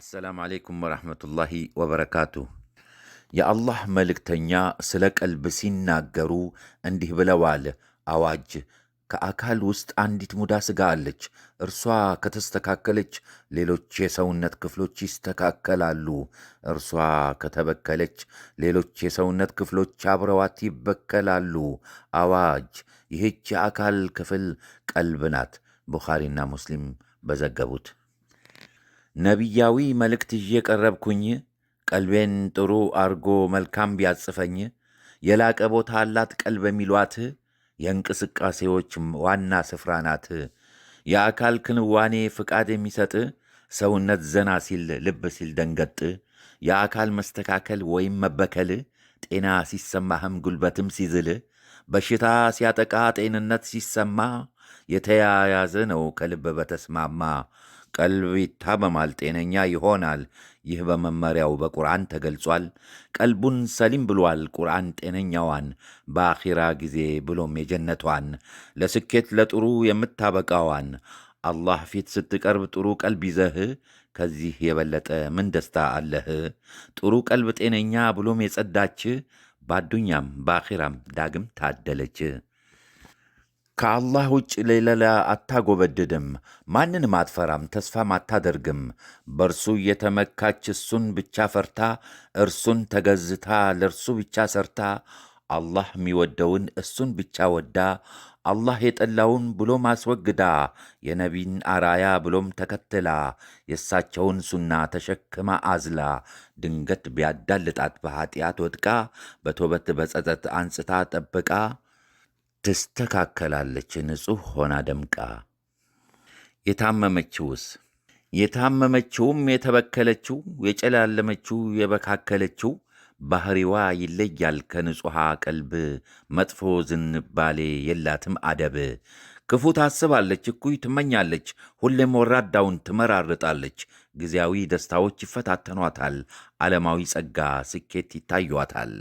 አሰላም አሌይኩም ወረሕመቱላሂ ወበረካቱ። የአላህ መልእክተኛ ስለ ቀልብ ሲናገሩ እንዲህ ብለዋል። አዋጅ ከአካል ውስጥ አንዲት ሙዳ ሥጋ አለች። እርሷ ከተስተካከለች ሌሎች የሰውነት ክፍሎች ይስተካከላሉ። እርሷ ከተበከለች ሌሎች የሰውነት ክፍሎች አብረዋት ይበከላሉ። አዋጅ ይህች የአካል ክፍል ቀልብ ናት። ቡኻሪና ሙስሊም በዘገቡት ነቢያዊ መልእክት ይዤ ቀረብኩኝ። ቀልቤን ጥሩ አርጎ መልካም ቢያጽፈኝ የላቀ ቦታ አላት ቀልብ የሚሏት የእንቅስቃሴዎች ዋና ስፍራ ናት። የአካል ክንዋኔ ፍቃድ የሚሰጥ ሰውነት ዘና ሲል ልብ ሲል ደንገጥ የአካል መስተካከል ወይም መበከል ጤና ሲሰማህም ጉልበትም ሲዝል በሽታ ሲያጠቃ ጤንነት ሲሰማ የተያያዘ ነው ከልብ በተስማማ ቀልብ በማል ጤነኛ ይሆናል። ይህ በመመሪያው በቁርአን ተገልጿል። ቀልቡን ሰሊም ብሏል ቁርአን ጤነኛዋን በአኺራ ጊዜ ብሎም የጀነቷን ለስኬት ለጥሩ የምታበቃዋን አላህ ፊት ስትቀርብ ጥሩ ቀልብ ይዘህ ከዚህ የበለጠ ምን ደስታ አለህ? ጥሩ ቀልብ ጤነኛ ብሎም የጸዳች ባዱኛም በአኺራም ዳግም ታደለች። ከአላህ ውጭ ሌላ አታጎበድድም፣ ማንንም አትፈራም፣ ተስፋም አታደርግም። በእርሱ እየተመካች እሱን ብቻ ፈርታ፣ እርሱን ተገዝታ፣ ለእርሱ ብቻ ሰርታ፣ አላህ የሚወደውን እሱን ብቻ ወዳ፣ አላህ የጠላውን ብሎም አስወግዳ፣ የነቢን አራያ ብሎም ተከትላ፣ የእሳቸውን ሱና ተሸክማ አዝላ፣ ድንገት ቢያዳልጣት በኀጢአት ወድቃ፣ በቶበት በጸጸት አንጽታ ጠብቃ ትስተካከላለች፣ ንጹሕ ሆና ደምቃ። የታመመችውስ የታመመችውም የተበከለችው የጨላለመችው የበካከለችው ባህሪዋ ይለያል ከንጹሐ ቀልብ። መጥፎ ዝንባሌ የላትም አደብ። ክፉ ታስባለች፣ እኩይ ትመኛለች፣ ሁሌም ወራዳውን ትመራርጣለች። ጊዜያዊ ደስታዎች ይፈታተኗታል፣ ዓለማዊ ጸጋ ስኬት ይታዩዋታል።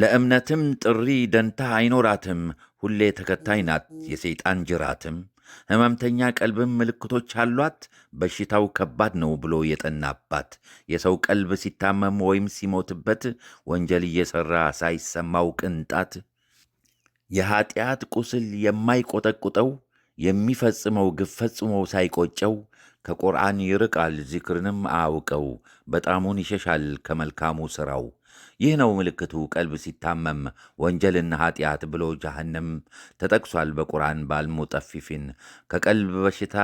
ለእምነትም ጥሪ ደንታ አይኖራትም። ሁሌ ተከታይ ናት የሰይጣን ጅራትም። ሕመምተኛ ቀልብም ምልክቶች አሏት። በሽታው ከባድ ነው ብሎ የጠናባት የሰው ቀልብ ሲታመም ወይም ሲሞትበት ወንጀል እየሠራ ሳይሰማው ቅንጣት የኀጢአት ቁስል የማይቆጠቁጠው የሚፈጽመው ግፍ ፈጽሞ ሳይቆጨው ከቁርአን ይርቃል ዚክርንም አያውቀው በጣሙን ይሸሻል ከመልካሙ ሥራው ይህ ነው ምልክቱ። ቀልብ ሲታመም ወንጀልና ኃጢአት ብሎ ጃሃንም ተጠቅሷል በቁርአን ባልሙጠፊፊን። ከቀልብ በሽታ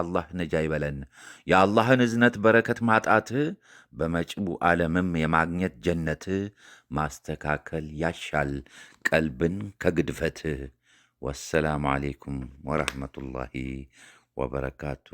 አላህ ነጃ ይበለን። የአላህን እዝነት በረከት ማጣት በመጪው ዓለምም የማግኘት ጀነት ማስተካከል ያሻል ቀልብን ከግድፈት ወሰላሙ አሌይኩም ወረሕመቱላሂ ወበረካቱ።